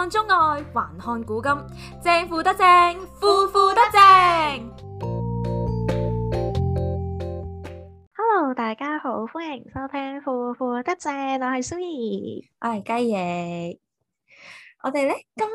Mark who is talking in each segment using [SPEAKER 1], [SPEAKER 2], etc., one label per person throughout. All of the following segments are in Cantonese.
[SPEAKER 1] 看中外，還看古今。正腐得正，腐腐得正。Hello，大家好，歡迎收聽腐腐得正，我係 Zoe，我係雞翼，我哋咧今。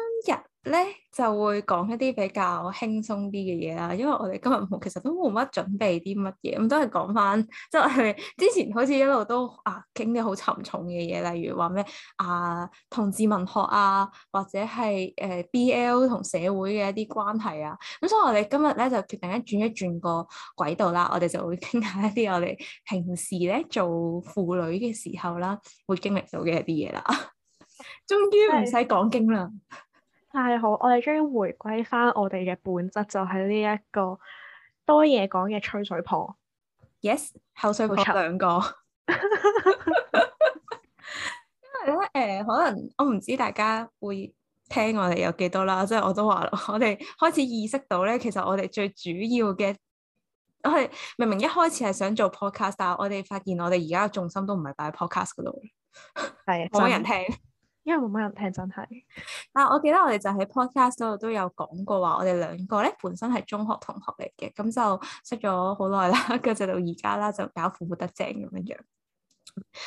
[SPEAKER 1] 咧呢就會講一啲比較輕鬆啲嘅嘢啦，因為我哋今日冇，其實都冇乜準備啲乜嘢，咁都係講翻，即係之前好似一路都啊傾啲好沉重嘅嘢，例如話咩啊同志文學啊，或者係誒 BL 同社會嘅一啲關係啊，咁所以我哋今日呢就決定一轉一轉個軌道啦，我哋就會傾下一啲我哋平時呢做腐女嘅時候啦，會經歷到嘅一啲嘢啦。終於唔使講經啦～大家好，我哋將回歸翻我哋嘅本質，就係呢一個多嘢講嘅吹水婆。Yes，口水婆兩醜兩個。因為咧，誒、欸，可能我唔知大家會聽我哋有幾多啦，即係我都話，我哋開始意識到咧，其實我哋最主要嘅，我係明明一開始係想做 podcast，但係我哋發現我哋而家重心都唔係擺喺 podcast 嗰度，係 冇人聽。因為冇乜人聽真係，但係我記得我哋就喺 Podcast 嗰度都有講過話，我哋兩個咧本身係中學同學嚟嘅，咁就識咗好耐啦，跟住到而家啦就搞腐腐得正咁樣。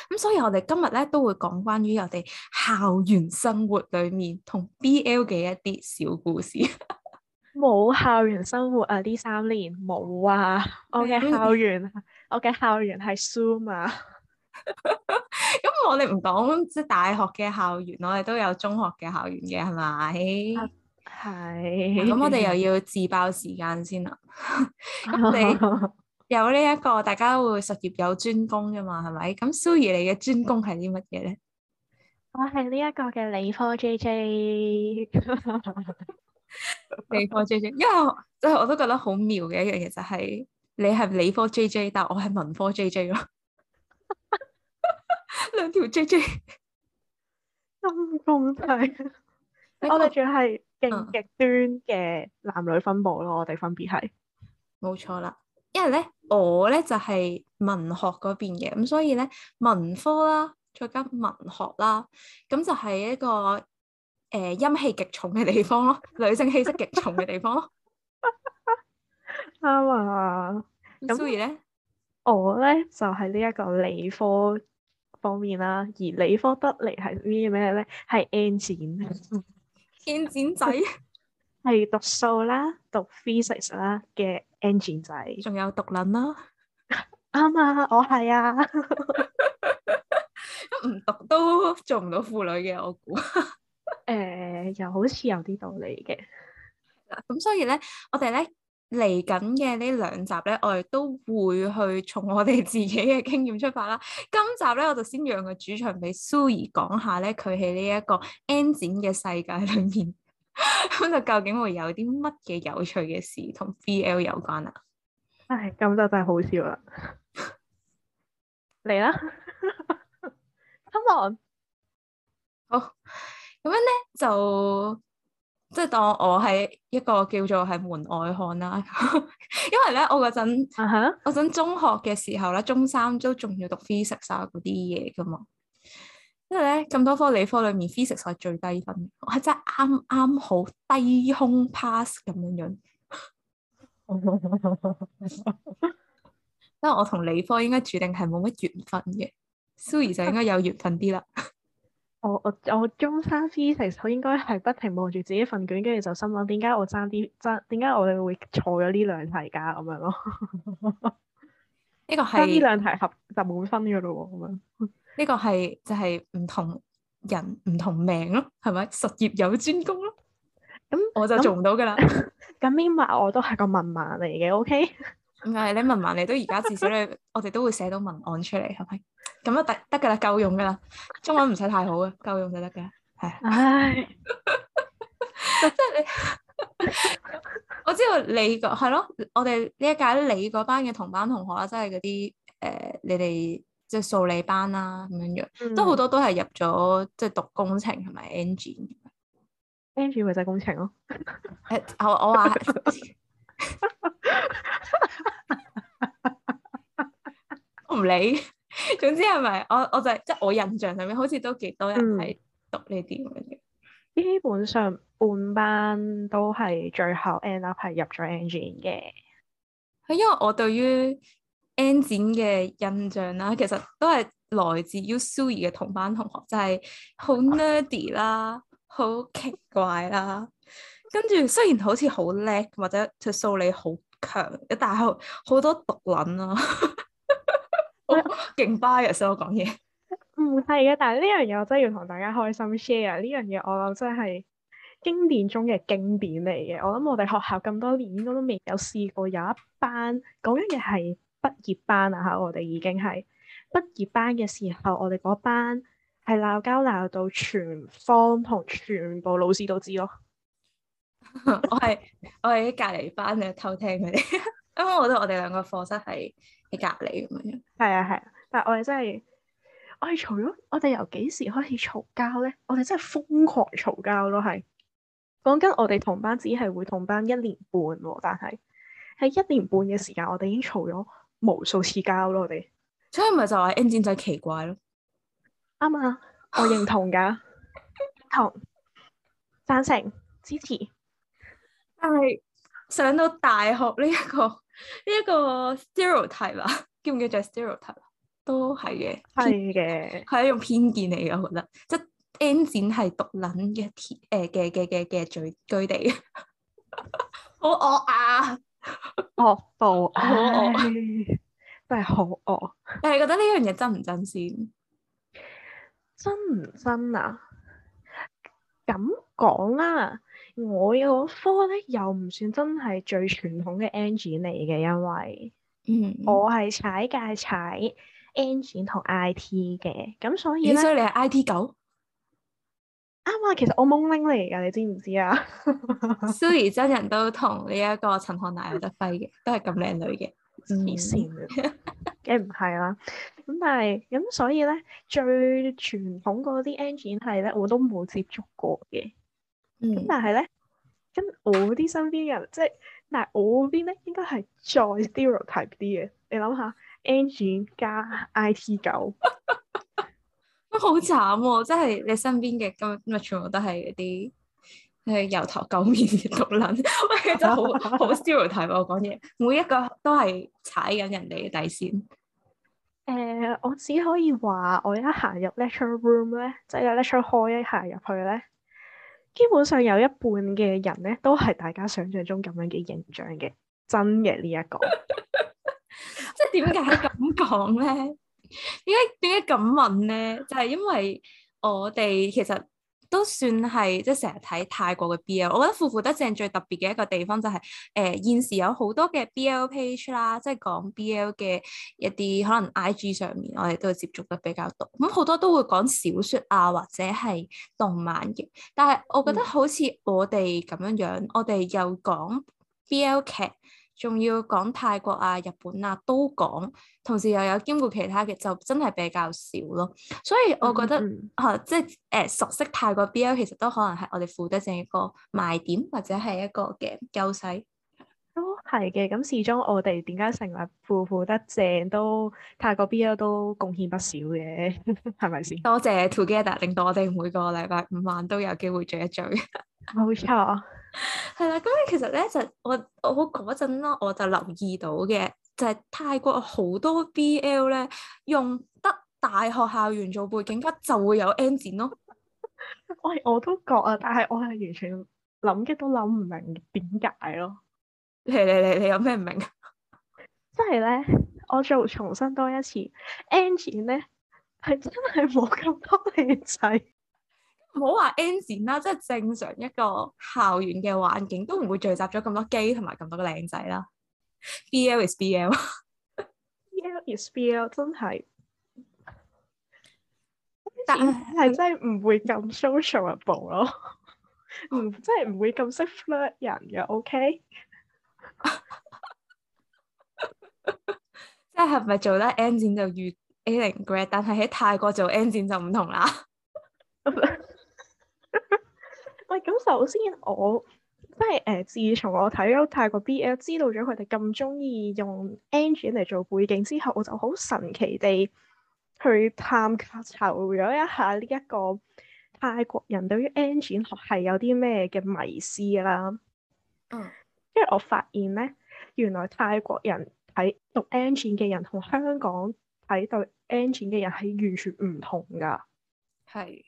[SPEAKER 1] 咁所以我哋今日咧都會講關於我哋校園生活裏面同 BL 嘅一啲小故事。冇校園生活啊！呢三年冇啊！我嘅校園，我嘅校園係 Zoom 啊。我哋唔講即係大學嘅校園，我哋都有中學嘅校園嘅，係咪？係、啊。咁、啊、我哋又要自爆時間先啦。咁 你有呢、這、一個，大家會術業有專攻㗎嘛？係咪？咁 Sue，你嘅專攻係啲乜嘢咧？我係呢一個嘅理科 JJ。 理科 JJ，因為即係我都覺得好妙嘅一樣嘢，就係、是、你係理科 JJ，但係我係文科 JJ 咯。兩條 條 J J，咁公氣，我哋仲係勁極端嘅男女分布咯，我哋分別係冇錯啦，因為咧我咧就係、是、文學嗰邊嘅，咁所以咧文科啦，再加文學啦，咁就係一個誒陰氣極重嘅地方咯，女性氣息極重嘅地方咯，啱 啊，咁 Zoe 咧，我咧就係呢一個理科。 方面啦，而理科得嚟係咩咩咧？係 engine，engine 仔係讀數啦，讀 physics 啦嘅 engine 仔，仲有讀諗啦，啱啊，我係啊，唔讀都做唔到婦女嘅，我估誒，又好似有啲道理嘅，咁所以咧，我哋咧。嚟緊嘅呢兩集咧，我哋都會去從我哋自己嘅經驗出發啦。今集咧，我就先讓個主場俾 Zoe 講下咧，佢喺呢一個 N 展嘅世界裏面，咁、 嗯、就究竟會有啲乜嘢有趣嘅事同 BL 有關啊？唉，咁就真係好笑啦。嚟 啦來了 ，Come on，好，咁樣咧就。即係當我係一個叫做係門外漢啦， 因為咧我嗰陣，嗰陣、uh huh。中學嘅時候咧，中三都仲要讀 physics 啊嗰啲嘢噶嘛，因為咧咁多科理科裏面 physics 係最低分，我係真係啱啱好低空 pass 咁樣樣，即 係 我同理科應該注定係冇乜緣分嘅，Zoe 就應該有緣分啲啦。 我我我中三 physics，我應該係不停望住自己份卷，跟住就心諗，點解我爭啲爭，點解我哋會錯咗呢兩題噶咁樣咯？呢 個係呢兩題合就冇分噶咯？咁樣呢個係就係、是、唔同人唔同命咯，係咪？術業有專攻咯。咁、嗯、我就做唔到噶啦。咁呢碼我都係個文盲嚟嘅，OK？唔係、嗯、你文盲嚟都而家至少你我哋都會寫到文案出嚟，係咪？咁啊得得嘅啦，夠用嘅啦。中文唔使太好嘅，夠用就得嘅。係。唉，即係你，我知道你個係咯。我哋呢一屆你嗰班嘅同班同學啊，即係嗰啲誒，你哋即係數理班啦、啊、咁樣樣，咯都好多都係入咗即係讀工程同埋 engine engine 咪就係工程咯、哦。係、 欸，我我話我唔理。 總之係咪我我就係，即係我印象上面好似都幾多人係讀呢啲咁嘅。基本上半班都係最後 end up 係入咗 engine 嘅。係因為我對於 N 展嘅印象啦，啊，其實都係來自 U 蘇儀嘅同班同學，就係、係、好 nerdy 啦，好，嗯，奇怪啦。跟住雖然好似好叻或者佢數理好強，但係好多毒撚啦，啊。 哦、ias，我勁 bias 我講嘢，唔係嘅，但係呢樣嘢我真係要同大家開心 share 呢樣嘢。我諗真係經典中嘅經典嚟嘅。我諗我哋學校咁多年應該都未有試過有一班講緊嘢係畢業班啊！嚇，我哋已經係畢業班嘅時候，我哋嗰班係鬧交鬧到全方同全部老師都知咯。 我係我係喺隔離班嘅偷聽佢哋，因 為我覺得我哋兩個課室係喺隔離咁樣。係啊係啊，但係我哋真係，我哋嘈咗，我哋由幾時開始嘈交咧？我哋真係瘋狂嘈交咯，係講緊我哋同班，只係會同班一年半，但係喺一年半嘅時間，我哋已經嘈咗無數次交咯，我哋所以咪就話 engine 仔奇怪咯，啱啊， 我認同噶，認同，贊成，支持，但係上到大學呢、這、一個呢一、這個 stereotype 啦、啊。叫唔叫就 stereotype 啦，都係嘅，係嘅，係一種偏見嚟嘅，我覺得，即係 N 展係毒撚嘅誒嘅嘅嘅嘅聚居地， 好惡啊，惡到啊，真係好惡。但係覺得呢樣嘢真唔真先？ 真唔真啊？咁講啦，我有科咧又唔算真係最傳統嘅 N 展嚟嘅，因為。嗯，我係踩界踩 engine 同 I T 嘅，咁所以所以你係 I T 狗？啱啊，其實我懵拎嚟噶，你知唔知啊？Suri 真人都同呢一個陳漢娜有得輝嘅，都係咁靚女嘅，黐線嘅，梗唔係、嗯、啦。咁 但係，咁所以咧，最傳統嗰啲 engine 係咧，我都冇接觸過嘅。咁、嗯、但係咧，跟我啲身邊人即係。就是但係我嗰邊咧，應該係再 stereotype 啲嘅。你諗下，engine 加 IT 九，都 好慘喎，哦！即係你身邊嘅今日全部都係嗰啲，係、呃、由頭到面嘅毒撚。喂， 哎，真好好 stereotype 我講嘢，每一個都係踩緊人哋嘅底線。誒， 呃，我只可以話，我一行入 lecture room 咧，即係有 lecture hall 一行入去咧。基本上有一半嘅人咧，都係大家想象中咁樣嘅形象嘅。真嘅呢一個，即係點解咁講咧？點解點解咁問咧？就係因為我哋其實。都算係即係成日睇泰國嘅 BL，我覺得《腐腐得正》最特別嘅一個地方就係，誒、呃，現時有好多嘅 BL page 啦，即係講 BL 嘅一啲可能 IG 上面，我哋都會接觸得比較多。咁好多都會講小說啊，或者係動漫嘅，但係我覺得好似我哋咁樣樣，嗯、我哋又講 BL 劇。仲要講泰國啊、日本啊都講，同時又有兼顧其他嘅，就真係比較少咯。所以我覺得嚇、嗯嗯啊，即係誒、呃、熟悉泰國 BL 其實都可能係我哋腐得正一個賣點，或者係一個嘅優勢。都係嘅，咁、哦、始終我哋點解成為腐腐得正都泰國 BL 都貢獻不少嘅，係咪先？多謝 Together 令到我哋每個禮拜五晚都有機會聚一聚。冇錯。係啦，咁咧其實咧就我我嗰陣咯，我就留意到嘅就係、是、泰國好多 BL 咧用得大學校園做背景，不就會有 N 展咯。喂， 我都覺啊，但係我係完全諗嘅都諗唔明點解咯。你你你你有咩唔明？即係咧，我再重新多一次，N 展咧係真係冇咁多靚仔。唔好話 N 展啦，即係正常一個校園嘅環境，都唔會聚集咗咁多 gay 同埋咁多個靚仔啦。BL, BL is BL，BL is BL，真係，但係是是真係唔會咁 socialable 咯，唔 真係唔會咁識 flirt 人嘅。OK，即係係咪做得 N 展就越 ailing great？但係喺泰國做 N 展就唔同啦。 咁首先我即係誒，自從我睇咗泰國 BL，知道咗佢哋咁中意用 engine 嚟做背景之後，我就好神奇地去探求咗一下呢一個泰國人對於 engine 學系有啲咩嘅迷思啦。嗯，因為我發現咧，原來泰國人喺讀 engine 嘅人同香港睇讀 engine 嘅人係完全唔同噶。係。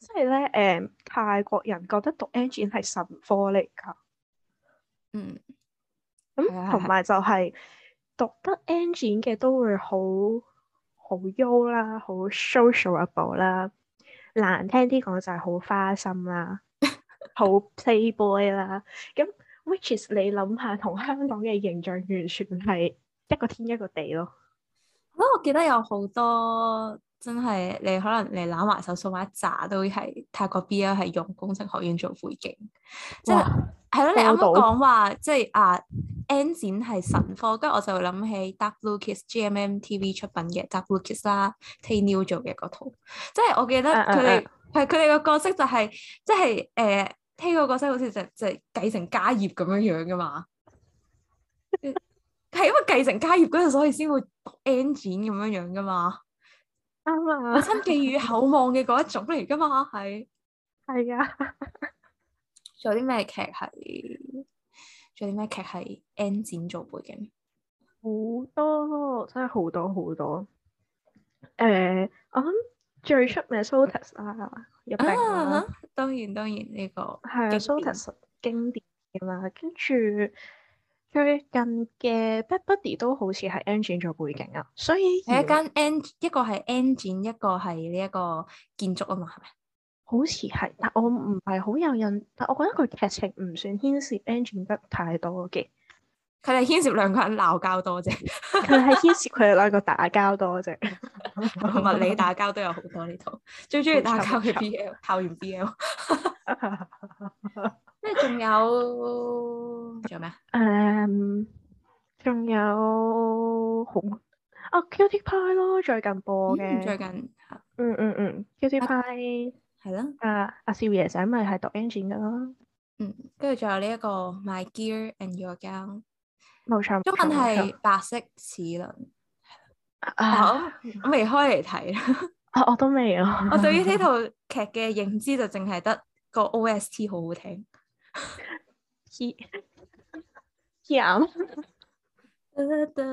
[SPEAKER 1] 即係咧，誒，泰國人覺得讀 engine 係神科嚟㗎。嗯，咁同埋就係、係、 讀得 engine 嘅都會好好優啦，好 socialable 啦，難聽啲講就係好花心啦， 好 playboy 啦。咁 which is 你諗下，同香港嘅形象完全係一個天一個地咯。我都我記得有好多。真係你可能你攬埋手數一扎都係泰國 B 幺係用工程學院做背景，即係係咯。你啱啱講話即係啊，N 展係神科，跟住我就諗起 d u W k c a s G M M T V 出品嘅 d u W k c a s 啦，Tay New 做嘅嗰套，即係我記得佢哋係佢哋個角色就係即係誒，T 嗰個角色好似就就係繼承家業咁樣樣噶嘛，係因為繼承家業嗰陣所以先會 N 展咁樣樣噶嘛。啱啊！心寄與厚望嘅嗰一種嚟噶嘛，係係啊。仲是的 有啲咩劇係？仲有啲咩劇係 N 展做背景？好多，真係好多好多。誒、呃，我諗最出名 SOTUS 啦、啊，入邊啦、啊啊。當然當然呢、這個係 SOTUS 是經典嘅啊，跟住。最近嘅 Bad Buddy 都好似係 N 展做背景啊，所以係一間 N 一個係 N 展，一個係呢一個建築啊嘛，係咪？好似係，但我唔係好有印，但我覺得佢劇情唔算牽涉 N 展得太多嘅。佢哋牽涉兩個人鬧交多啫。佢係牽涉佢哋兩個打交多啫，同埋 你打交都有好多呢套， 最中意打交嘅 BL 校園 完 BL。 即係仲有仲、um, 有咩？誒、啊，仲有好哦 Cutie Pie 咯，最近播嘅、嗯、最近，嗯嗯嗯 Cutie Pie 係啦，阿阿少爺仔咪係讀 engine 嘅咯，嗯，跟住仲有呢、這、一個 My Gear and Your Gown，冇錯，錯中文係白色齒輪， 啊，我未開嚟睇，啊，我都未啊，我對於呢套劇嘅認知就淨係得個 O S T 好好聽。幾樣？得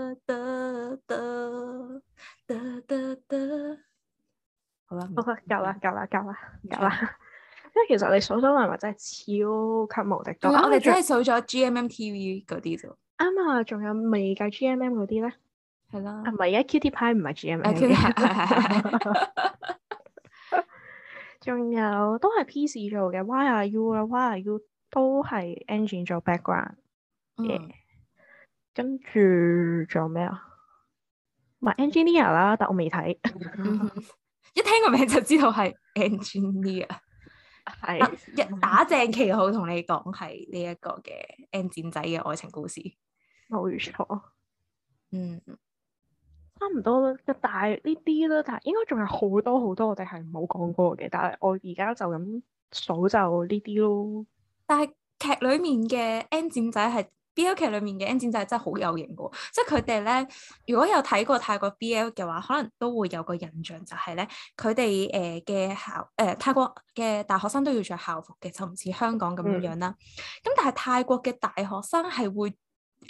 [SPEAKER 1] 好啦，好啦，夠啦，夠啦，夠啦，夠啦。因為其實你數數埋埋真係超級無敵多，嗯、我哋真係數咗 GMMTV 嗰啲啫。啱啊，仲有未計 GMM 嗰啲咧？係啦，唔係而家 Cutie Pie 唔係 GMM。t v 仲有都係 PC 做嘅，Why are you？Why are you？都係 engine 做 background 嘅，嗯、跟住仲有咩啊？唔係 engineer 啦，但我未睇。 一聽個名就知道係 engineer，係一打正旗號同你講係呢一個嘅 engine 仔嘅愛情故事，冇錯錯。嗯，差唔多啦，就大呢啲啦，但係應該仲有好多好多我哋係冇講過嘅，但係我而家就咁數就呢啲咯。但係劇裏面嘅 N 展仔係 BL 劇裏面嘅 N 展仔真係好有型嘅，即係佢哋咧，如果有睇過泰國 BL 嘅話，可能都會有個印象就係咧，佢哋誒嘅校誒、呃、泰國嘅大學生都要着校服嘅，就唔似香港咁樣樣啦。咁、嗯、但係泰國嘅大學生係會誒、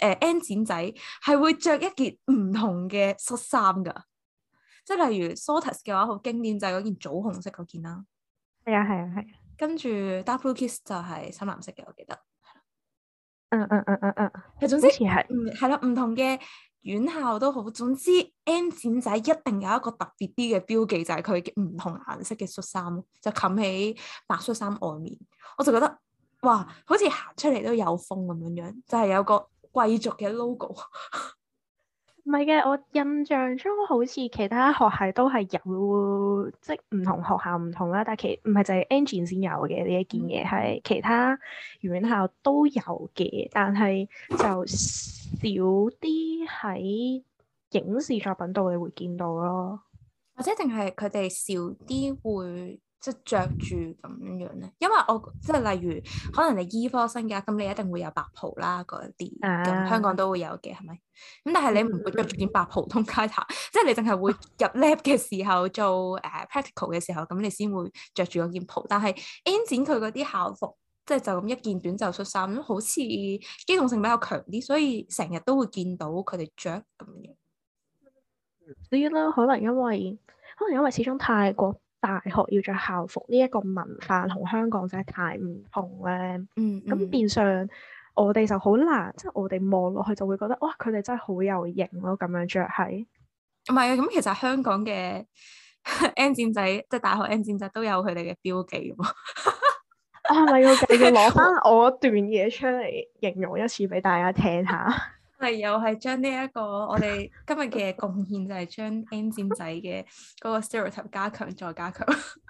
[SPEAKER 1] 呃、N 展仔係會着一件唔同嘅恤衫㗎，即、就、係、是、例如 Sotus 嘅話，好經典就係、是、嗰件棗紅色嗰件啦。係啊、嗯，係啊、嗯，係。跟住 double kiss 就係深藍色嘅，我記得。嗯嗯嗯嗯嗯。係總之係，係啦，唔同嘅院校都好。總之 N 展仔一定有一個特別啲嘅標記，就係佢嘅唔同顏色嘅恤衫就冚喺白恤衫外面。我就覺得，哇，好似行出嚟都有風咁樣樣，就係、是、有個貴族嘅 logo。 唔係嘅，我印象中好似其他學校都係有，即係唔同學校唔同啦。但係其唔係就係 engine 先有嘅呢一件嘢，係其他院校都有嘅，但係就少啲喺影視作品度你會見到咯。或者淨係佢哋少啲會？即係著住咁樣咧，因為我即係例如，可能你醫科生嘅，咁你一定會有白袍啦嗰啲，咁、啊、香港都會有嘅，係咪？咁但係你唔會着住件白袍、嗯、通街行，即係你淨係會入 lab 嘅時候做誒 practical 嘅時候，咁、uh，你先會着住嗰件袍。但係 N 展佢嗰啲校服，即係就咁、是、一件短袖恤衫，咁好似機動性比較強啲，所以成日都會見到佢哋着咁樣。唔知啦，可能因為可能因為始終泰國。大學要着校服呢一個文化同香港真係太唔同咧，咁、嗯嗯、變相我哋就好難，即係我哋望落去就會覺得哇，佢哋真係好有型咯、哦，咁樣着係。唔係啊，咁其實香港嘅 N 展仔，即係大學 N 展仔都有佢哋嘅標記噶、 啊、我係咪要繼續攞翻我段嘢出嚟形容一次俾大家聽下？ 又這個、我又係將呢一個我哋今日嘅貢獻就係將 N 展仔嘅嗰個 stereotype 加強再加強。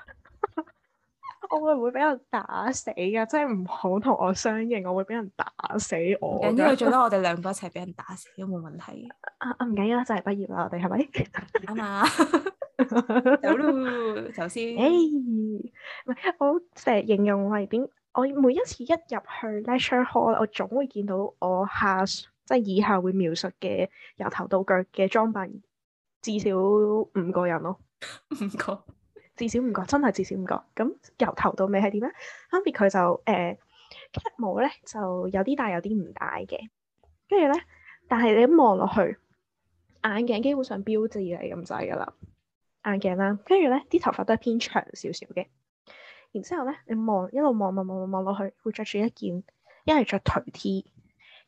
[SPEAKER 1] 我會唔會俾人打死㗎？即係唔好同我相認，我會俾人打死我。因為最多我哋兩個一齊俾人打死都冇問題。 啊啊唔緊要啦，就係、是、畢業啦，我哋係咪啊嘛？走咯，首先誒，唔係我成日形容我係點？我每一次一入去 lecture hall，我總會見到我下。即係以下會描述嘅由頭到腳嘅裝扮，至少五個人咯，五個 至少五個，真係至少五個。咁由頭到尾係點咧？分別佢就誒，呃、帽咧就有啲戴，有啲唔戴嘅。跟住咧，但係你一望落去眼鏡基本上標誌嚟咁滯㗎啦，眼鏡啦。跟住咧啲頭髮都係偏長少少嘅。然之後咧，你望一路望一路望望望望落去，會着住一件一係着頹 T，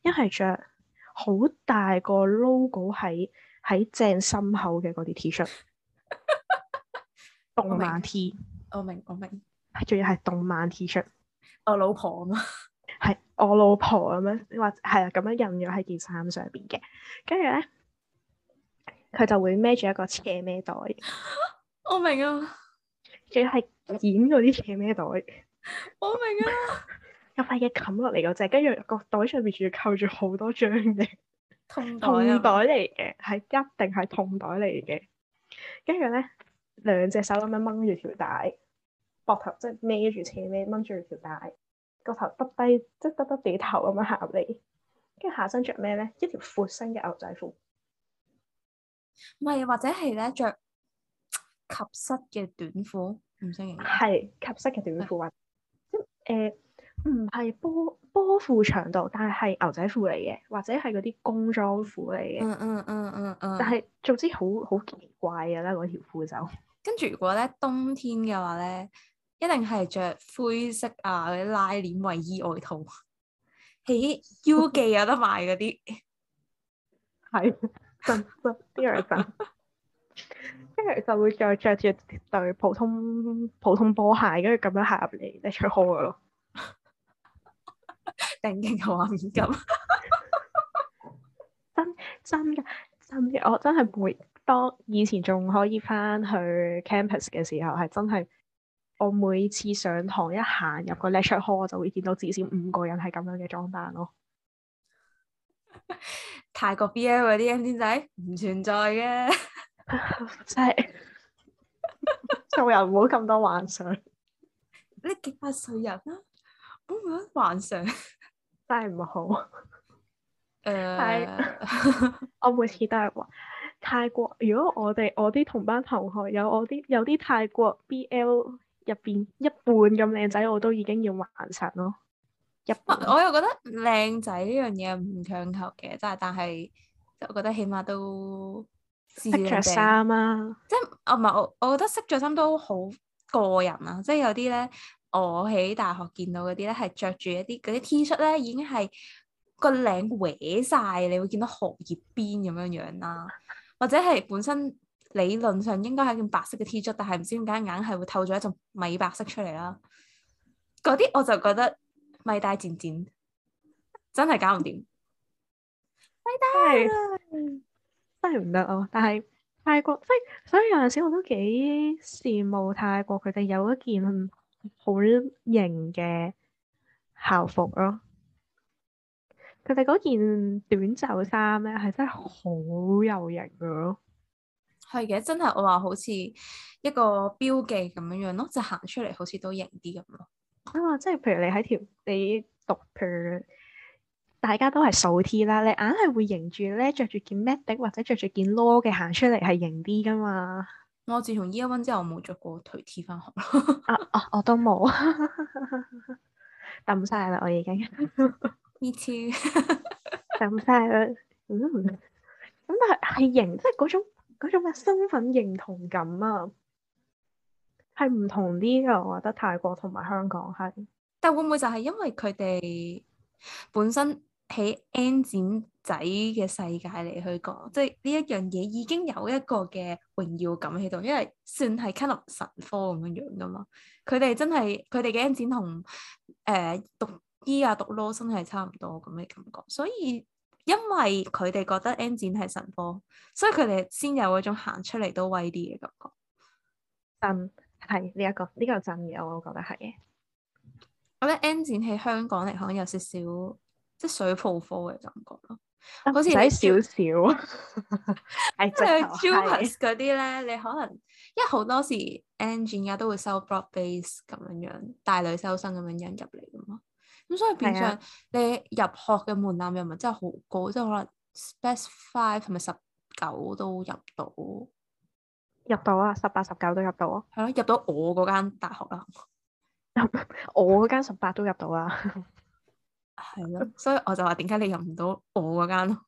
[SPEAKER 1] 一係着。好大個 logo 喺喺正心口嘅嗰啲 T 恤， 動漫 T，我明我明，仲要係動漫 T 恤，我老婆啊，係我老婆咁樣，或係啦咁樣印咗喺件衫上邊嘅，跟住咧佢就會孭住一個斜孭袋，我明啊，仲要係剪嗰啲斜孭袋，我明啊。 塊嘢冚落嚟嗰隻，跟住個袋上面仲要扣住好多張嘅，筒袋嚟嘅，係一定係筒袋嚟嘅。跟住咧，兩隻手咁樣掹住條帶，膊頭即係孭住斜孭，掹住條帶，個頭耷低，即係耷耷地頭咁樣行入嚟。跟住下身着咩咧？一條闊身嘅牛仔褲，唔係，或者係咧着及膝嘅短褲，唔識形容。係及膝嘅短褲，啊、 呃。即、呃、誒。唔係波波褲長度，但係牛仔褲嚟嘅，或者係嗰啲工裝褲嚟嘅。嗯嗯嗯嗯嗯。但係總之好好奇怪嘅咧，嗰條褲就跟住如果咧冬天嘅話咧，一定係着灰色啊嗰啲拉鏈衛衣外套。誒，U 記有得賣嗰啲係真真，跟住就會再着住對普通普通波鞋，跟住咁樣行入嚟，你出好 a 嘅咯。定經嘅話唔敢，真真嘅真嘅，我真係每當以前仲可以翻去 campus 嘅時候，係真係我每次上堂一行入個 lecture hall，我就會見到至少五個人係咁樣嘅裝扮咯。 泰國 BL 嗰啲 M C 仔唔存在嘅，真係做人唔好咁多幻想。你幾百歲人啦、啊，唔好幻想。 真係唔好。誒，我每次都係話泰國。如果我哋我啲同班同學有我啲有啲泰國 BL 入邊一半咁靚仔，我都已經要還神咯。入我又覺得靚仔呢樣嘢唔強求嘅，真係。但係就覺得起碼都識着衫啦。啊啊、即係我唔係我，我覺得識着衫都好個人啊，即係有啲咧。我喺大學見到嗰啲咧，係着住一啲嗰啲 T 恤咧，已經係個領歪晒。你會見到荷葉邊咁樣樣啦。或者係本身理論上應該係一件白色嘅 T 恤，但係唔知點解硬係會透咗一層米白色出嚟啦。嗰啲我就覺得米帶漸漸真係搞唔掂，米帶真係唔得咯。但係泰國即係所以有陣時我都幾羨慕泰國佢哋有一件。好型嘅校服咯，佢哋嗰件短袖衫咧，係真係好有型噶咯。係嘅，真係我話好似一個標記咁樣樣咯，就行出嚟好似都型啲咁咯。佢話、哦，即係譬如你喺條你讀，譬如大家都係素 T 啦，你硬係會型住咧，着住件 medic 或者着住件 law 嘅行出嚟係型啲噶嘛。我自從 e 一蚊之後，我冇著過 T 恤翻學咯。啊啊，我， uh, uh, 我都冇，抌晒啦！我已經呢次抌曬啦。嗯 Me too. 咁、mm. 但係係型，即係嗰種嗰種身份認同感啊，係唔同啲嘅。我覺得泰國同埋香港係，但會唔會就係因為佢哋本身？喺 N 展仔嘅世界嚟去講，即係呢一樣嘢已經有一個嘅榮耀感喺度，因為算係克林神科咁樣樣噶嘛。佢哋真係佢哋嘅 N 展同誒讀醫啊讀 law 真係差唔多咁嘅感覺。所以因為佢哋覺得 N 展係神科，所以佢哋先有嗰種行出嚟都威啲嘅感覺。真係呢一個呢、這個爭議，我我覺得係嘅。我覺得 N 展喺香港嚟講有少少。即係水泡科嘅感覺咯，好似少少。你去 Jupas 嗰啲咧，你可能因為好多時 engineer、都會收 block base 咁樣樣大類收生咁樣引入嚟噶嘛，咁所以變相你入學嘅門檻又咪真係好高，即係可能 speci five 係咪十九都入到？ 入到啊！十八、十九都入到啊！係咯，入到我嗰間大學啦，我嗰間十八都入到啦。係咯，所以我就話，點解你入唔到我嗰間？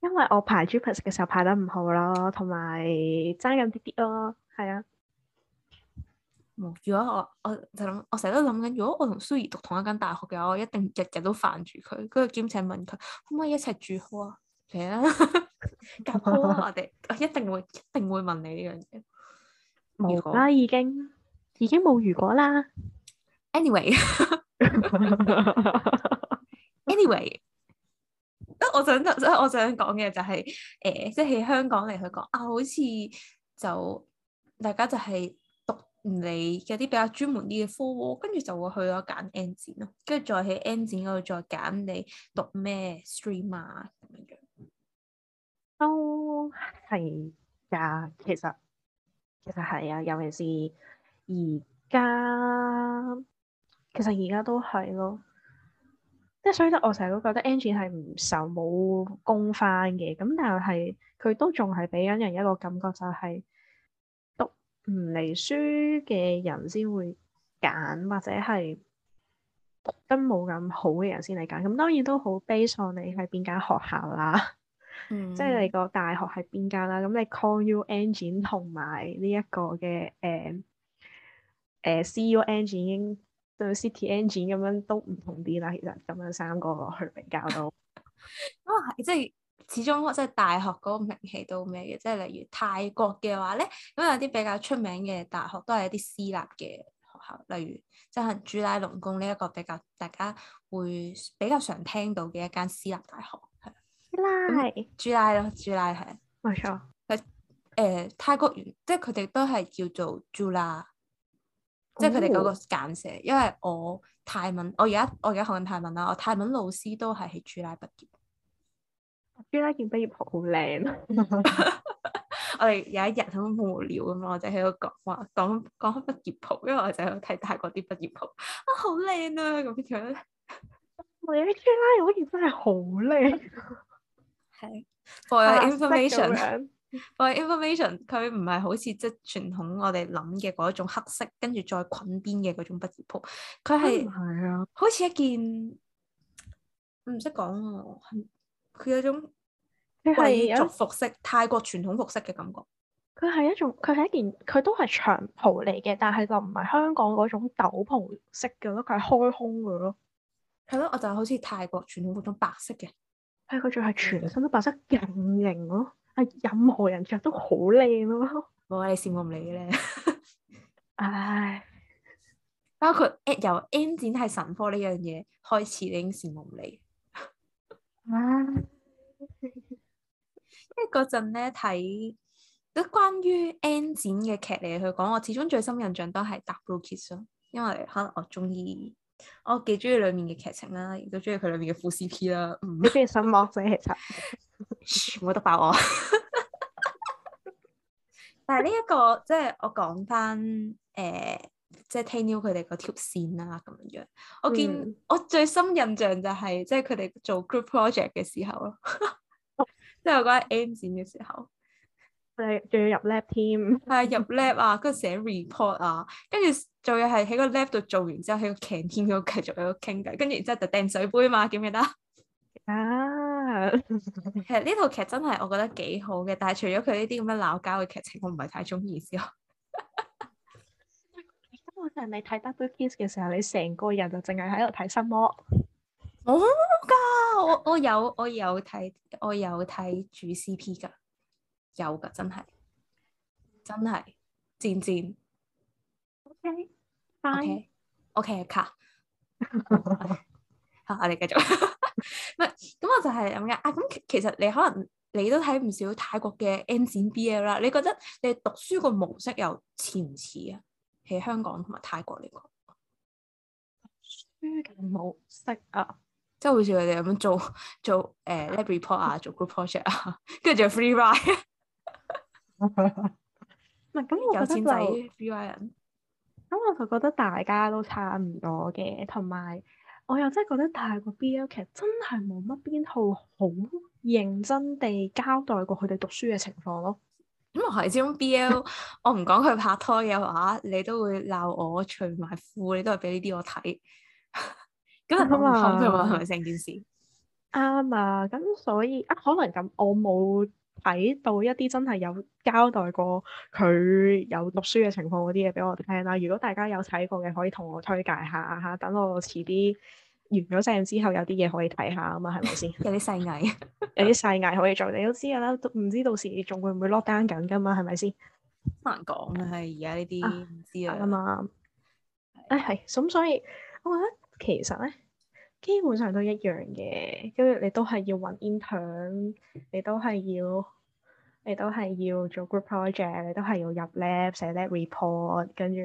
[SPEAKER 1] 因為我排 JUPAS 嘅時候排得唔好咯，同埋爭咁啲啲咯，係啊。如果我我就諗，我成日都諗緊，如果我同蘇怡讀同一間大學嘅話，我一定日日都煩住佢，跟住兼且問佢可唔可以一齊住開啊？嚟啦，夾 好啦、啊、 我哋，我一定會一定會問你呢樣嘢。了如果已經已經冇如果啦。Anyway。 anyway，我想我想即我想講嘅就係、是、誒、呃，即係喺香港嚟去講啊，好似就大家就係讀你有啲比較專門啲嘅科，跟住就會去咯揀 N 展咯，跟住再喺 N 展嗰度再揀你讀咩 stream 啊、er，咁樣嘅。都係㗎，其實其實係啊，尤其是而家，其實而家都係咯。即係所以咧，我成日都覺得 engine 係唔愁冇工返嘅，咁但係佢都仲係俾緊人一個感覺，就係讀唔嚟書嘅人先會揀，或者係讀得冇咁好嘅人先嚟揀。咁當然都好 base on 你係邊間學校啦，即係、嗯、你個大學係邊間啦。咁你 CU a l l engine 同埋呢一個嘅誒誒 CU engine。已經對，City Engine 咁樣都唔同啲啦。其實咁樣三個去比較都，因為係即係始終即係大學嗰個名氣都咩嘅。即係例如泰國嘅話咧，咁有啲比較出名嘅大學都係一啲私立嘅學校，例如即係、就是、朱拉隆功呢一個比較大家會比較常聽到嘅一間私立大學。朱拉係朱拉咯，朱拉係，冇錯。誒誒、呃，泰國即係佢哋都係叫做朱拉。即係佢哋嗰個簡寫，因為我泰文，我而家我而家學緊泰文啦，我泰文老師都係喺朱拉畢業。朱拉畢業袍好靚啊！我哋有一日好無聊咁咯，我就喺度講話講講開畢業袍，因為我就喺度睇泰國啲畢業袍啊，好靚啊！咁樣，我哋啲朱拉好似真係好靚。係，我有 information。我 information 佢唔係好似即係傳統我哋諗嘅嗰一種黑色，跟住再捆邊嘅嗰種不剪袍，佢係係啊，好似一件唔識講啊，佢有一種貴族服飾、泰國傳統服飾嘅感覺。佢係一種，佢係一件，佢都係長袍嚟嘅，但係就唔係香港嗰種斗袍式嘅咯，佢係開胸嘅咯，係咯，我就好似泰國傳統嗰種白色嘅，係佢仲係全身都白色，盈盈咯。係任何人着都好靚咯，冇話你羨慕唔嚟嘅咧。 唉，包括由 N 展係神科呢樣嘢開始，你已經羨慕唔嚟。唉， 因為嗰陣咧睇，咁關於 N 展嘅劇嚟去講，我始終最深印象都係 Double Kiss 咯，因為可能我中意。我幾中意裏面嘅劇情啦、啊，亦都中意佢裏面嘅副 CP 啦、啊。你邊度想剝啫？其實全部都爆我。 但係呢一個即係、就是、我講翻誒，即係 TayNew 佢哋條線啦、啊，咁樣。我見、嗯、我最深印象就係即係佢哋做 group project 嘅時候咯，即係我覺得 M 展嘅時候，佢哋仲要入 lab 添，係入 lab 啊，跟住寫 report 啊，跟住。做嘢係喺個 lab 度做完之後喺個 canteen 度繼續喺度傾偈，跟住然之後就掟水杯嘛，記唔記得？啊 Yeah.，其實呢套劇真係我覺得幾好嘅，但係除咗佢呢啲咁樣鬧交嘅劇情，我唔係太中意先。今日就係你睇 d o u b l s 嘅時候，你成個人就淨係喺度睇心魔。冇㗎、oh, yeah.，我有我有我有睇我有睇主 CP 㗎，有㗎真係，真係漸漸。O K。賤賤 okay. O K，O K，卡，好，我哋繼續，係，咁我就係咁嘅。啊。咁其實你可能你都睇唔少泰國嘅 N 展 B L 啦。你覺得你讀書個模式又似唔似啊？喺香港同埋泰國嚟講，讀書嘅模式啊，即係好似我哋咁樣做做誒、uh,，lab report 啊，做 group project 啊，跟住就 free ride。唔係咁，有錢仔 free ride。咁我就覺得大家都差唔多嘅，同埋我又真係覺得大個 BL 其實真係冇乜邊套好認真地交代過佢哋讀書嘅情況咯。咁、嗯、我係始終 BL， 我唔講佢拍拖嘅話，你都會鬧我除埋褲，你都係俾呢啲我睇。咁啊嘛，係咪成件事？啱、嗯、啊，咁、嗯嗯嗯嗯嗯、所以啊，可能咁我冇。睇到一啲真係有交代過佢有讀書嘅情況嗰啲嘢俾我聽啦、啊。如果大家有睇過嘅，可以同我推介下嚇。等我遲啲完咗 assignment 之後，有啲嘢可以睇下啊嘛，係咪先？ 有啲細世藝， 有啲細藝可以做。你都知啦，唔知到時仲會唔會 lock down 緊㗎嘛？係咪先？好難講啊，而家呢啲唔知啊嘛。誒係，咁的、哎、所以我覺得其實咧，基本上都一樣嘅。跟住你都係要揾 intern，你都係要。你都係要做 group project，你都係要入 lab 寫 lab report，跟住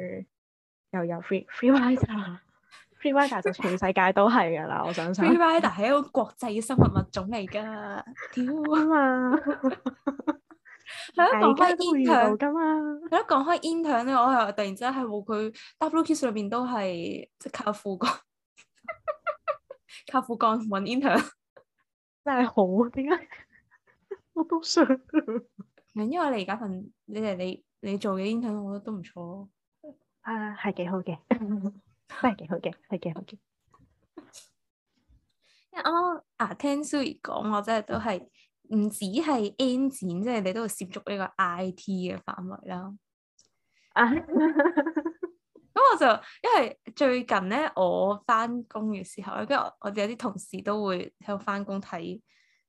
[SPEAKER 1] 又有 free free rider，free rider 就全世界都係㗎啦，我想想。free rider 係一個國際嘅生物物種嚟㗎，屌啊嘛！係啊，講開 inter 㗎嘛！係啊，講開 inter 咧，我又突然之間係冇佢 double kiss 裏邊都係，即係靠副幹，靠副幹揾 inter，真係好點解？我都想， 因為你而家份你哋你你做嘅 intern，我覺得都唔錯，係係幾好嘅，係幾好嘅，係嘅，好嘅。因為我啊，聽蘇怡講，我真係都係唔止係 N 展，即係 你都會涉足呢個 I T 嘅範圍啦。咁、uh, 我就因為最近咧，我翻工嘅時候咧，跟住我哋有啲同事都會喺度翻工睇。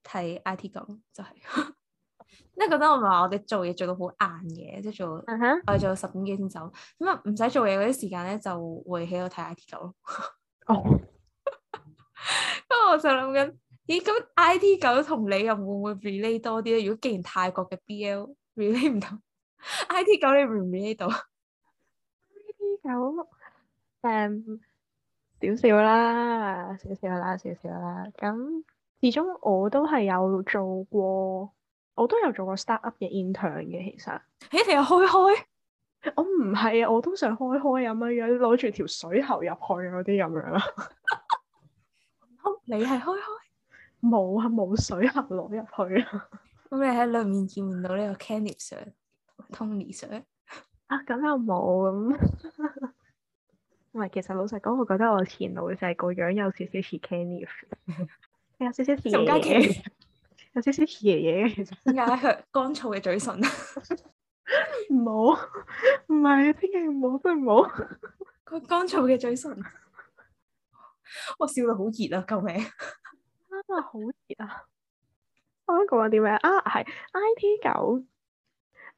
[SPEAKER 1] 睇 I T 狗就係、是， 因為覺得我咪話我哋做嘢做到好晏嘅，即、就、係、是、做，uh huh. 我哋做到十點幾先走，咁啊唔使做嘢嗰啲時間咧，就會喺度睇 I T 狗咯。哦，不過我就諗緊，咦，咁 I T 狗同你又會唔會 relate 多啲咧？如果既然泰國嘅 B L relate 唔到，I T 狗你 relate 到？I T 狗，誒、oh. um，少少啦，少少啦，少少啦，咁。始終我都係有做過，我都有做過 start up 嘅 intern 嘅。其實你哋開開，我唔係啊，我都想開開咁樣攞住條水喉入去嗰啲咁樣啦。唔、 哦、你係開開冇啊？冇水喉攞入去啊？咁你喺裏面見唔到呢個 Canyon Sir Tony Sir 啊？咁又冇咁唔係。其實老實講，我覺得我前老細個樣有少少似 Canyon。
[SPEAKER 2] 有少少，宋嘉
[SPEAKER 1] 其有少少爺爺嘅，其實點解佢乾燥嘅嘴唇啊，冇唔係聽日冇都係冇。佢乾燥嘅嘴唇，我笑到好熱啊！救命啊！好熱啊！我想講啲咩啊？係 I T 狗，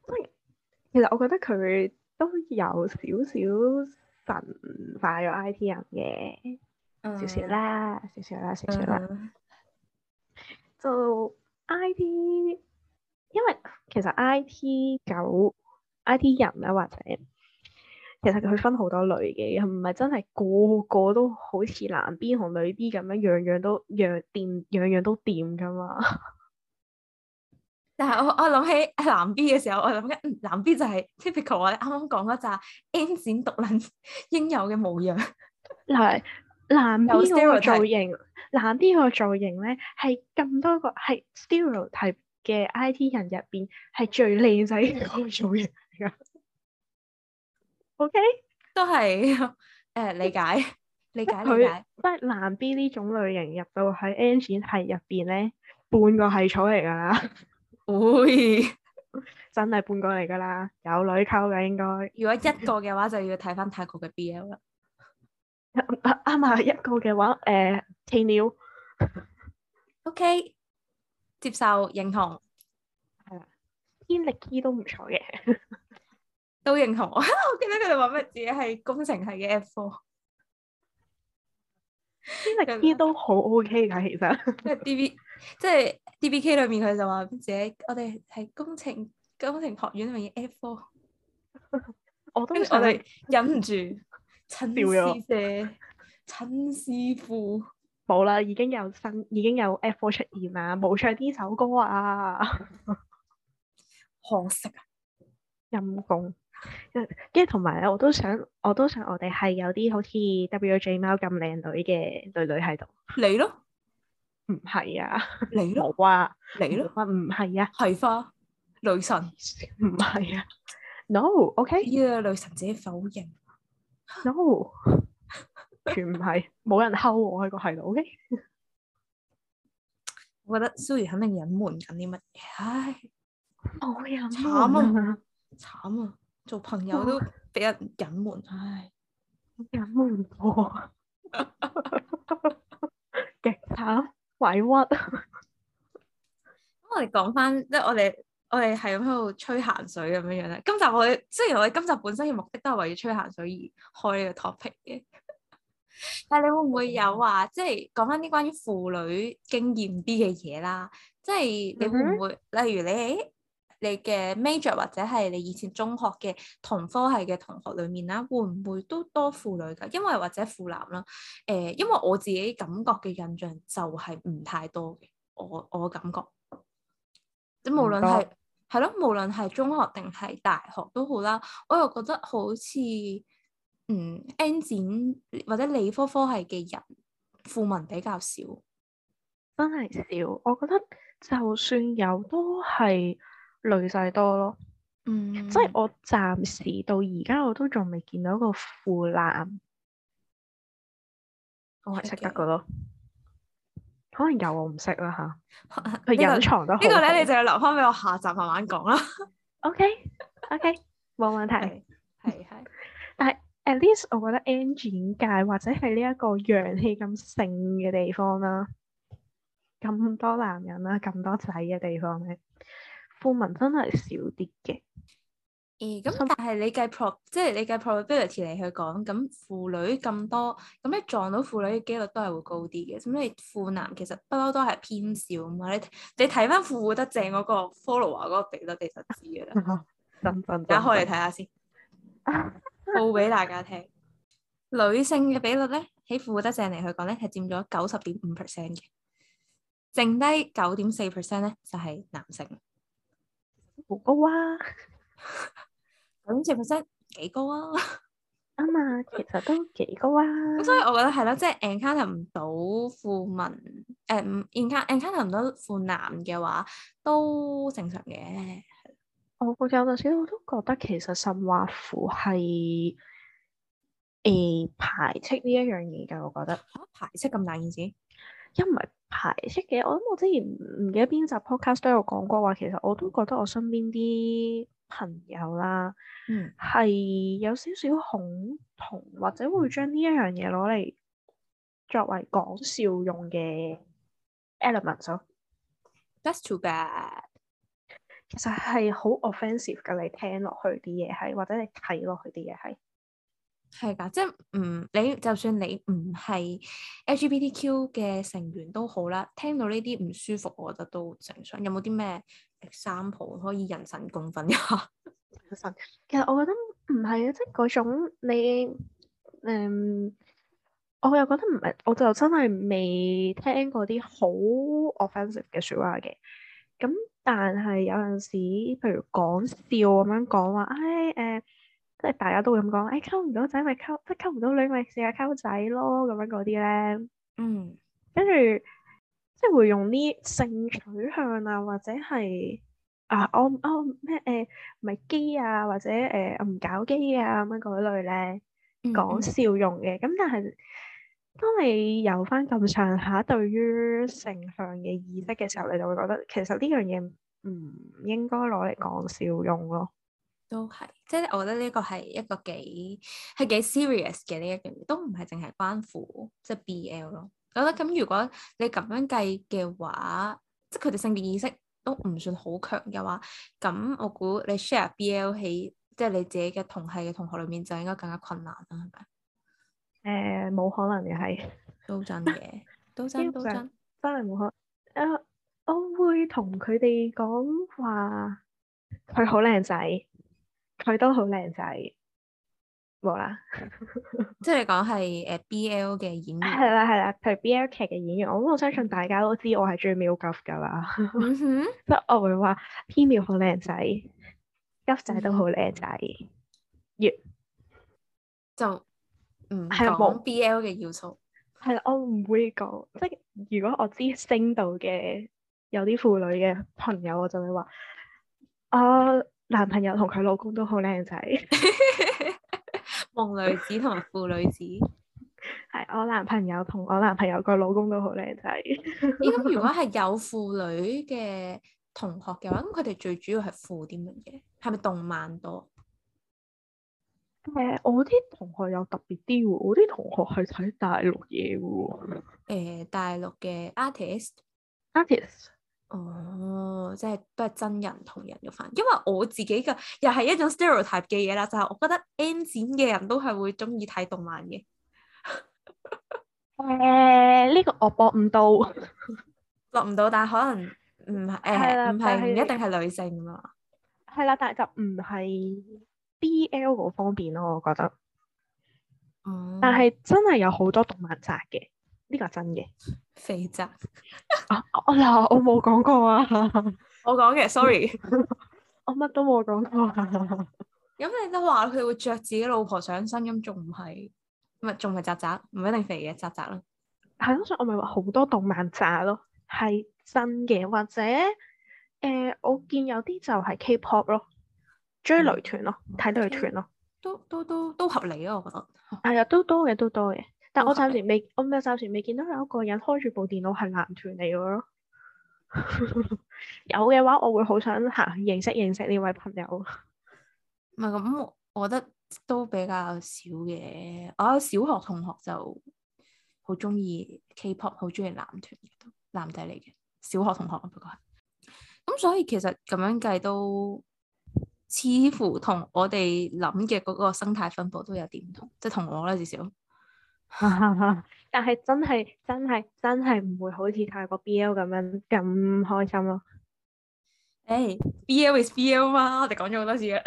[SPEAKER 1] 喂，其實我覺得佢都有少少神化咗 I T 人嘅，少少啦，少少啦，少少啦。就 I T，因為其實 I T 狗 I T 人咧，或者其實佢分好多類嘅，又唔係真係個個都好似男 B 同女 B 咁樣，樣樣都樣掂，樣樣都掂噶嘛。 但係我我諗起男 B 嘅時候，我諗緊男 B 就係 typical 啊，我啱啱講嗰扎 N 展獨能，應有嘅模樣，係。 男 B 呢個造型，男 B 個造型咧，係咁多個係 stereotype 係嘅 IT 人入邊係最靚仔嘅造型噶，啊。OK，都係誒、呃、理解理解佢解，即男 B 呢種類型入到喺 engine 係入邊咧，半個係草嚟噶啦。哎， 真係半個嚟噶啦，有女溝嘅應該。如果一個嘅話， 就要睇翻泰國嘅 BL 啦。一啱埋一個嘅話，誒，菜鳥，O K，接受認同，係啊，天力 key 都唔錯嘅，都認同。我記得佢哋話乜自己係工程系嘅 F4，天力 key 都好 O K 噶，其實。即係 D B，即係 D B K 裏面佢就話自己，我哋係工程工程學院裏面嘅 F4，我都我哋忍唔住。親師姐、親師傅，冇啦， 已經有新已經有 F4 出現啦，冇唱呢首歌啊，呵呵可惜啊，陰功！跟住同埋咧，我都想，我都想，我哋係有啲好似 WJ 貓咁靚女嘅女女喺度，你咯囉，唔係啊，你冇 啊，你咯，唔係啊，係花、啊、女神，唔係啊，no，ok，呀，no, okay? 女神自己否認。no，全唔係冇人溝我喺個係度，ok？我覺得 Zoe 肯定隱瞞緊啲乜嘢，唉，冇隱瞞，慘啊，慘啊，做朋友都俾人隱瞞，唉，隱瞞我，極慘，委屈。咁我哋講翻，即係我哋。我哋係咁喺度吹閒水咁樣樣咧，今集我哋，雖然我哋今集本身嘅目的都係為咗吹閒水而開呢個 topic 嘅，但係你會唔會有話，嗯、即係講翻啲關於腐女經驗啲嘅嘢啦？即係你會唔會，嗯嗯，例如你你嘅 major 或者係你以前中學嘅同科系嘅同學裡面啦，會唔會都多腐女㗎？因為或者腐男啦，誒、呃，因為我自己感覺嘅印象就係唔太多嘅，我我感覺，即係無論係。係咯，無論係中學定係大學都好啦，我又覺得好似嗯，N 展或者理科科系嘅人，腐民比較少，真係少。我覺得就算有，都係女仔多咯。嗯、mm，hmm. 即係我暫時到而家我都仲未見到個腐男，我係識得個咯。可能有我唔識啦吓，佢隱藏都呢，這個咧，這個，你就要留翻俾我下集慢慢講啦。OK，OK，okay? okay？冇問題。係係，但係 at least，我覺得 Angel 界或者係呢一個陽氣咁盛嘅地方啦，咁多男人啦，咁多仔嘅地方咧，腐民真係少啲嘅。誒，咁、嗯、但係你計 prob 即係你計 probability 嚟去講，咁腐女咁多，咁你撞到腐女嘅幾率都係會高啲嘅。咁你腐男其實不嬲都係偏少啊嘛。你你睇翻腐得正嗰、嗰個 follower 嗰個比率其實，你就知嘅啦。打開嚟睇下先，報俾大家聽。女性嘅比率咧，喺腐得正嚟去講咧，係佔咗九十點五 percent 嘅，剩低九點四 percent 咧就係男性。好高啊！咁 percentage 幾高啊？啱啊，其實都幾高啊。咁所以我覺得係咯，即係 encounter 唔到腐民誒，encounter 唔到腐男嘅話都正常嘅。我其實有陣時我都覺得，覺得其實甚至乎係誒排斥呢一樣嘢嘅。我覺得、啊、排斥咁大件事，因唔係排斥嘅。我諗我之前唔記得邊集 podcast 都有講過話，其實我都覺得我身邊啲朋友啦，係、嗯、有少少恐同，或者會將呢一樣嘢攞嚟作為講笑用嘅 elements 咯。That's too bad。其實係好 offensive 㗎，你聽落去啲嘢係，或者你睇落去啲嘢係。係㗎，即係唔你就算你唔係 LGBTQ 嘅成員都好啦，聽到呢啲唔舒服，我覺得都正常。有冇啲咩？三毫可以人神共憤一下， 其實我覺得唔係啊，即係嗰種你誒、嗯，我又覺得唔係，我就真係未聽過啲好 offensive 嘅説話嘅。咁但係有陣時，譬如講笑咁樣講話，唉，誒、呃，即係大家都會咁講，誒溝唔到仔咪溝，即係溝唔到女咪試下溝仔咯，咁樣嗰啲咧。嗯，跟住。即係會用呢性取向啊，或者係啊，我我咩誒咪基啊，或者誒唔、啊啊、搞基啊咁樣嗰一類咧，講、嗯、笑用嘅。咁但係當你有翻咁上下對於性向嘅意識嘅時候，你就會覺得其實呢樣嘢唔應該攞嚟講笑用咯。都係，即係我覺得呢個係一個幾係幾 serious 嘅呢一樣嘢，都唔係淨係關乎即係 BL 咯。我覺得咁，嗯、如果你咁樣計嘅話，即係佢哋性別意識都唔算好強嘅話，咁我估你 share BL 喺即係你自己嘅同系嘅同學裏面就應該更加困難啦，係咪？誒、呃，冇可能嘅係，都真嘅，都 真都真，真係冇可。誒，我會同佢哋講話，佢好靚仔，佢都好靚仔。冇啦，即係講係誒 BL 嘅演員，係啦係啦，係 BL 劇嘅演員。我都相信大家都知我係最苗哥噶啦，不 係、mm hmm. 我會話 P 苗好靚仔，G 仔都好靚仔，要、mm，hmm. yeah. 就唔係講 BL 嘅要素，係啦，我唔會講。即係如果我知星度嘅有啲腐女嘅朋友，我就會話，我男朋友同佢老公都好靚仔。 夢女子同埋腐女子，係 我男朋友同我男朋友個老公都好靚仔。咁 如果係有腐女嘅同學嘅話，咁佢哋最主要係腐啲乜嘢？係咪動漫多？誒、呃，我啲同學有特別啲喎，我啲同學係睇大陸嘢喎。誒、呃，大陸嘅 artist，artist。哦，即係都係真人同人肉翻，因為我自己嘅又係一種 stereotype 嘅嘢啦，就係、是、我覺得 N 展嘅人都係會中意睇動漫嘅。誒、 呃，呢、這個我駁唔到，駁唔到，但係可能唔誒唔係唔一定係女性啊嘛。係啦，但係就唔係 BL 嗰方面咯，我覺得。哦、嗯。但係真係有好多動漫宅嘅。呢個係真嘅肥宅？啊！嗱、啊，我冇講過啊，我講嘅，sorry，我乜都冇講錯。咁你都話佢會着自己老婆上身，咁仲唔係？唔係仲係宅宅，唔一定肥嘅宅宅啦。係、嗯、咯，所以我咪話好多動漫宅咯，係真嘅，或者誒，我見有啲就係 K-pop 咯，追女團咯，睇女團咯，都都都都合理咯，我覺得係啊，都多嘅，都多嘅。溤 related 溤但我暫時， 時未，我唔係暫時未見到有一個人開住部電腦係男團嚟嘅咯。 有嘅話，我會好想行認識認識呢位朋友。唔係咁，我覺得都比較少嘅。我有小學同學就好中意 K-pop，好中意男團，男仔嚟嘅小學同學，不過咁所以其實咁樣計都似乎同我哋諗嘅嗰個生態分布都有點唔同，即係同我咧至少。哈哈哈！ 但係真係真係真係唔會好似泰國 B L 咁樣咁開心咯，啊。誒，B L is B L 嘛，我哋講咗好多次啦。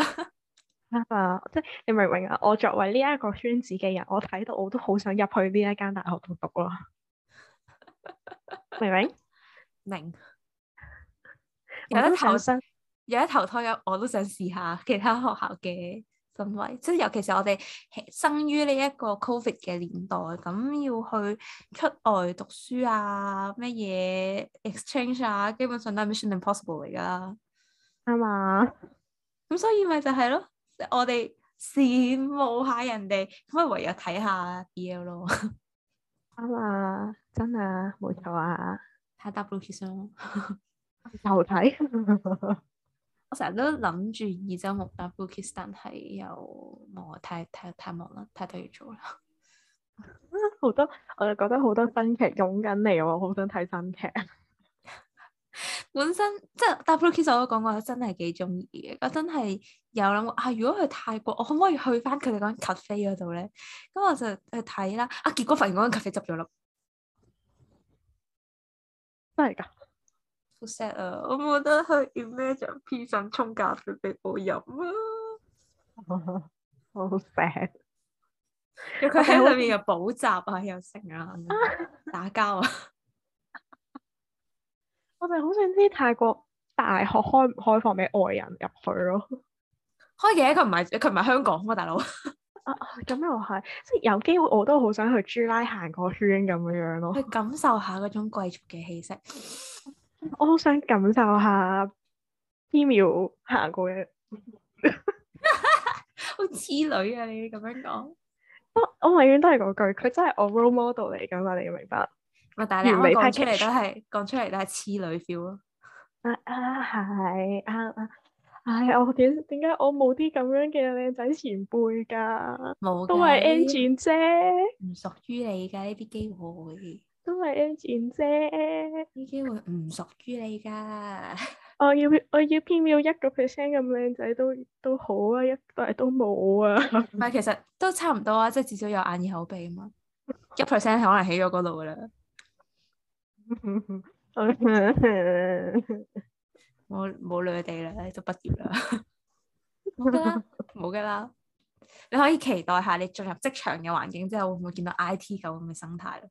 [SPEAKER 1] 啊， 即係你明唔明啊？我作為呢一個圈子嘅人，我睇到我都好想入去呢一間大學度讀咯。 明唔明？明。有一頭生，想想有一頭胎嘅，我都想試下其他學校嘅。咁咪即係，尤其是我哋生於呢一個 Covid 嘅年代，咁要去出外讀書啊，咩嘢 exchange 啊，基本上都係 mission impossible 嚟噶，啱嘛？咁所以咪就係咯，我哋羨慕下人哋，咁咪唯有睇下 BL 咯，啱啊！真係，冇錯啊，睇 double season，又睇。 又看 我成日都諗住二週目打 Dark Blue Kiss，但係又忙，太太太忙啦，太多嘢做啦，好多我就覺得好多新劇湧緊嚟，我好想睇新劇。 本身即係打 Dark Blue Kiss，我都講過真係幾中意嘅，我真係有諗啊，如果去泰國，我可唔可以去翻佢哋嗰間咖啡嗰度咧？咁我就去睇啦，啊結果發現嗰間咖啡執咗笠，真係噶～好 sad 啊！我冇得去 imagineP 上沖咖啡俾我飲啊！ 好 sad。佢喺裏面又補習啊， 又食啊，打交啊！我哋好想知泰國大學開唔開放俾外人入去咯？開嘅，啊，佢唔係佢唔係香港啊，嘛大佬咁， 啊，又係，即係有機會我都好想去朱拉行個圈咁樣樣咯， 去感受下嗰種貴族嘅氣息。我好想感受下 P'Mew 行過嘅好痴女啊！你咁樣講、啊，我我永遠都係嗰句，佢真係我 role model 嚟噶，你要明白。我大係我拍出嚟都係講 出嚟都係痴女 feel 咯、啊。啊啊係啊啊！唉、啊，啊啊啊啊啊、我點點解我冇啲咁樣嘅靚仔前輩噶？冇，都係 Angel 姐，唔屬於你噶呢啲機會。都係 e n g 啫，已經會唔屬於你㗎。我要我要偏要一個 percent 咁靚仔都都好啊，一但都冇啊。唔 係，其實都差唔多啊，即係至少有眼耳口鼻啊嘛。一 percent 可能起咗嗰度㗎啦。我冇女地啦，都畢業啦。冇 㗎，冇啦。你可以期待下，你進入職場嘅環境之後，會唔會見到 IT 咁嘅生態咯？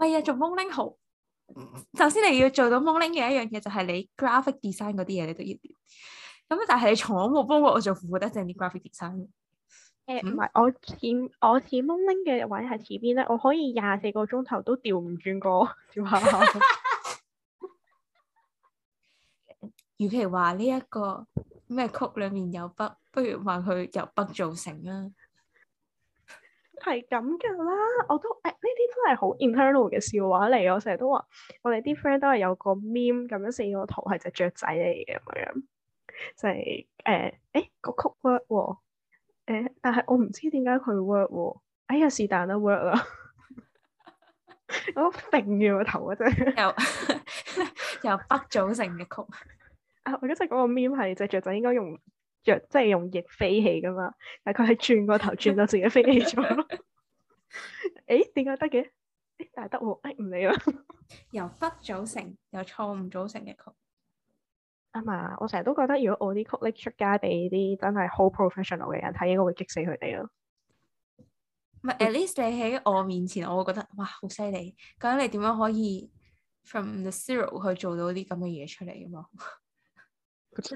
[SPEAKER 1] 係、哎、呀，做 m o n 拎好。首先你要做到 m o n 拎嘅一樣嘢，就係、是、你 graphic design 嗰啲嘢你都要調。咁但係你從冇幫過我做，腐腐得正啲 graphic design？誒，唔係、呃嗯、我似我似 n 拎嘅位係似邊咧？我可以廿四個鐘頭都調唔轉個如其話呢一個咩曲裏面有北，不如話佢由北造成啦。係咁㗎啦，我都誒呢啲都係好 internal 嘅笑話嚟。我成日都話我哋啲 friend 都係有個 meme，咁樣四個圖係隻雀仔嚟嘅咁樣，就係誒誒個曲 work 喎、欸，但係我唔知點解佢 work 喎、欸。哎呀是但啦 work 啦， 我定住、嗰個頭啊真係。又又北組成嘅曲啊，我而家真係講個 meme 係隻雀仔應該用。着，即係用翼飛起噶嘛，但佢係轉個頭轉到自己飛起咗、 欸。誒，點解得嘅？但係得喎，誒唔理啦。不 由忽組成，由錯誤組成嘅曲。阿嫲、啊，我成日都覺得，如果我啲曲拎出街俾啲真係好 professional 嘅人睇，應該會激死佢哋咯。唔係，at least 你喺我面前，我會覺得哇，好犀利！究竟你點樣可以 from the zero 去做到啲咁嘅嘢出嚟嘅嘛？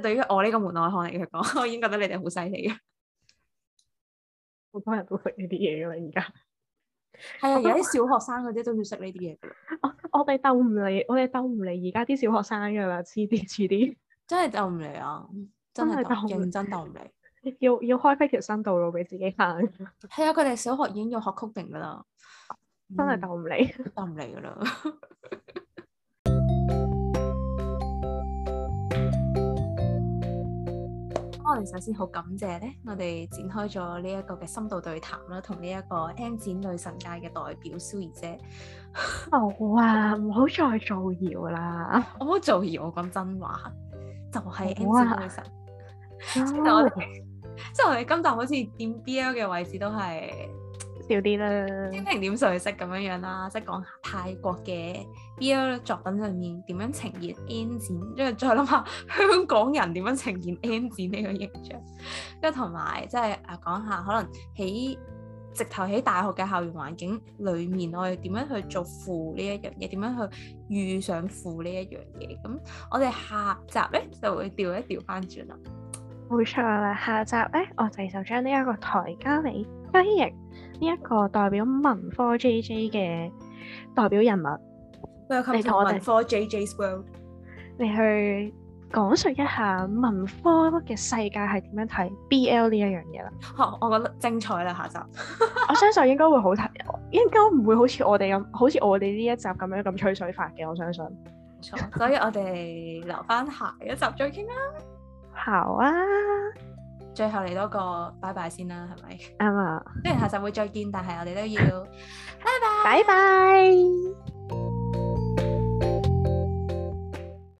[SPEAKER 1] 對於我呢個門外漢嚟講，我已經覺得你哋好犀利嘅。好多人都識呢啲嘢噶啦，而家係啊，而家啲小學生嗰啲都要識呢啲嘢嘅啦。我哋鬥唔嚟，我哋鬥唔嚟，而家啲小學生噶啦，黐啲黐啲，真係鬥唔嚟啊！真係鬥，認真鬥唔嚟。要要開闢條新道路俾自己行。係 啊，佢哋小學已經要學 Coding 噶啦，嗯、真係鬥唔嚟，鬥唔嚟噶啦。我哋首先好感謝咧，我哋展開咗呢一個嘅深度對談啦，同呢一個 N 展女神界嘅代表 Zoe 姐。好啊，唔好再造謠啦。我冇造謠，我講真話，就係 N 展女神。即係我哋，即係我哋今集好似掂 BL 嘅位置都係。少啲啦，蜻蜓點水式咁樣樣啦，即係講下泰國嘅 B L 作品裏面點樣呈現 N 展，跟住再諗下香港人點樣呈現 N 展呢個形象，跟住同埋即係誒、呃、講下可能喺直頭喺大學嘅校園環境裏面，我哋點樣去做腐呢一樣嘢，點樣去遇上腐呢一樣嘢？咁我哋下集咧就會調一調翻轉啦，冇錯啦，下集咧我哋就將呢一個台交俾飛翼。 呢一個代表文科 J J 嘅代表人物
[SPEAKER 2] welcome to 文科
[SPEAKER 1] J J's world。你去講述一下文科嘅世界係點樣睇 B L 呢一樣嘢啦。嚇，我覺得精彩啦，下集。 我相信應該會好睇，應該唔會好似我哋咁，好似我哋呢一集咁樣咁吹水法嘅。我相信。冇錯，所以我哋留翻下一集再傾啦。好啊。最後嚟多一個拜拜先啦，係咪？啱啊！雖然下集會再見， 但係我哋都要拜拜。拜拜。